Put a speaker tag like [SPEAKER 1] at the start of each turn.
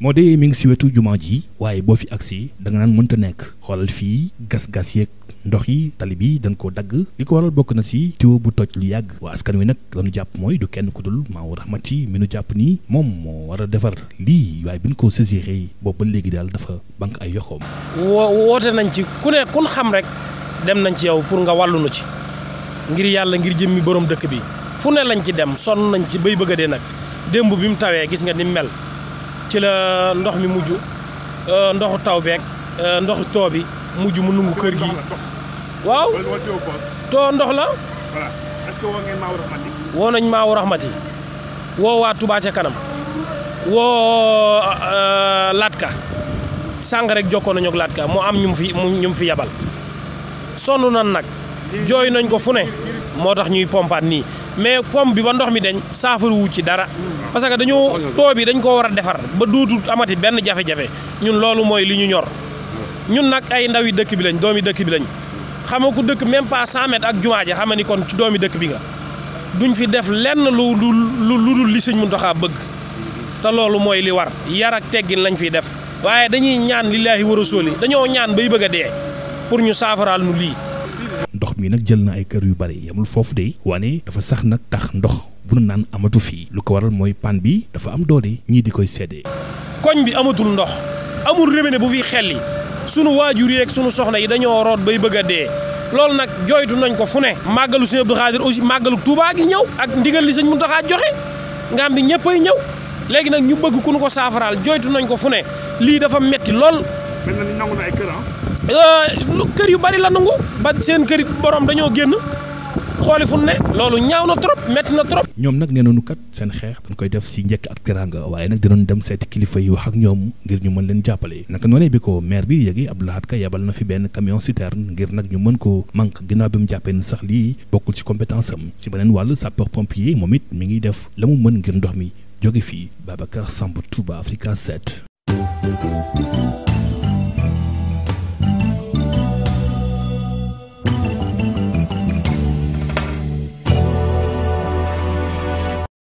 [SPEAKER 1] moo de mi ngi si wetu juma ji waaye boo fi agsi da nga naan mënta nekk xoolal fii gas-gas yeeg ndox yi tali bi dañ koo dagg li ko waral bokk na si tuyau bu toj lu yàgg waa askan wi nag la jàpp mooy du kenn ku dul maaw rahmati mi nu jàpp nii moom moo war a defar lii waaye bi ñu ko saisiré boobu ba léegi daal dafa bank ay yoxoom
[SPEAKER 2] woote nañ ci ku ne kun xam rek dem nañ ci yow pour nga wàllunu ci ngir yàlla ngir jëmmi borom dëkk bi fu ne lañ ci dem sonn nañ ci bay bëgg dee nag démb bi mu tawee gis nga ni mel ci la ndox mi mujj euh, ndoxu taw beek euh, ndoxu too bi mujj mu nungu kër gi. waaw too ndox la. voilà
[SPEAKER 1] woo ngeen Maawu Rahmati.
[SPEAKER 2] woo nañ Maawu Rahmati woo waa ca kanam woo euh, Latka sàng rek jokkoo nañu ak Latka mu am ñu fi ñu fi yabal sonn nan nag jooy nañ ko fu ne moo tax ñuy pompaat nii. mais pomme bi ba ndox mi dañ saafara ci dara parce que dañoo too bi dañ koo war a defar ba duutul amati benn jafe-jafe ñun loolu mooy li ñu ñor ñun nag ay ndawi dëkk bi lañ doomi dëkk bi lañ xam nga ku dëkk même pas 100 ak jumaa ja xam ni kon ci doomi dëkk bi nga duñ fi def lenn lu lu lu dul li sëñ doxaa bëgg te loolu mooy li war yar ak teggin lañu fi def waaye dañuy ñaan lillaahi wa rasuuli dañoo ñaan bay bëgg a dee pour ñu saafaraal nu lii
[SPEAKER 1] ndox nag jël na ay kër yu bari yamul foofu de waane dafa sax nag tax ndox bu nu naan amatu fii lu ko waral mooy pan bi dafa am doole ñii di koy seddee.
[SPEAKER 2] koñ bi amatul ndox amul robinet bu fi xelli sunu waajur yi ak sunu soxna yi dañoo root bay bëgg a dee. loolu nag jooytu nañ ko fu ne màggalu sëñ Abdou Khadir aussi màggalu tubaa gi ñëw ak ndigal li sëñ Mountakha joxe nga am bi ñëpp ay ñëw léegi nag ñu bëgg ku nu ko saafaraal jooytu nañ ko fu ne lii dafa metti lool. mel na Euh, kër yu bari la nangu ba seen kër borom dañoo génn xooli fu ne loolu ñaaw na trop métti na trop.
[SPEAKER 1] ñoom nag nee nañu kat seen xeex dañ koy def si njëkk ak teraanga waaye nag dinañ dem seeti kilifa yi wax ak ñoom ngir ñu mën leen jàppale. naka noonee bi ko maire bi yëgi Abdou Lahad Ka yabal na fi benn camion citerne ngir nag ñu mën ko manque ginnaaw bi mu jàppee ni sax lii bokkul ci compétence ci beneen wàll sapeur yi moom it mi ngi def la mu mën ngir ndox mi jóge fii Babacar Samb Touba Africa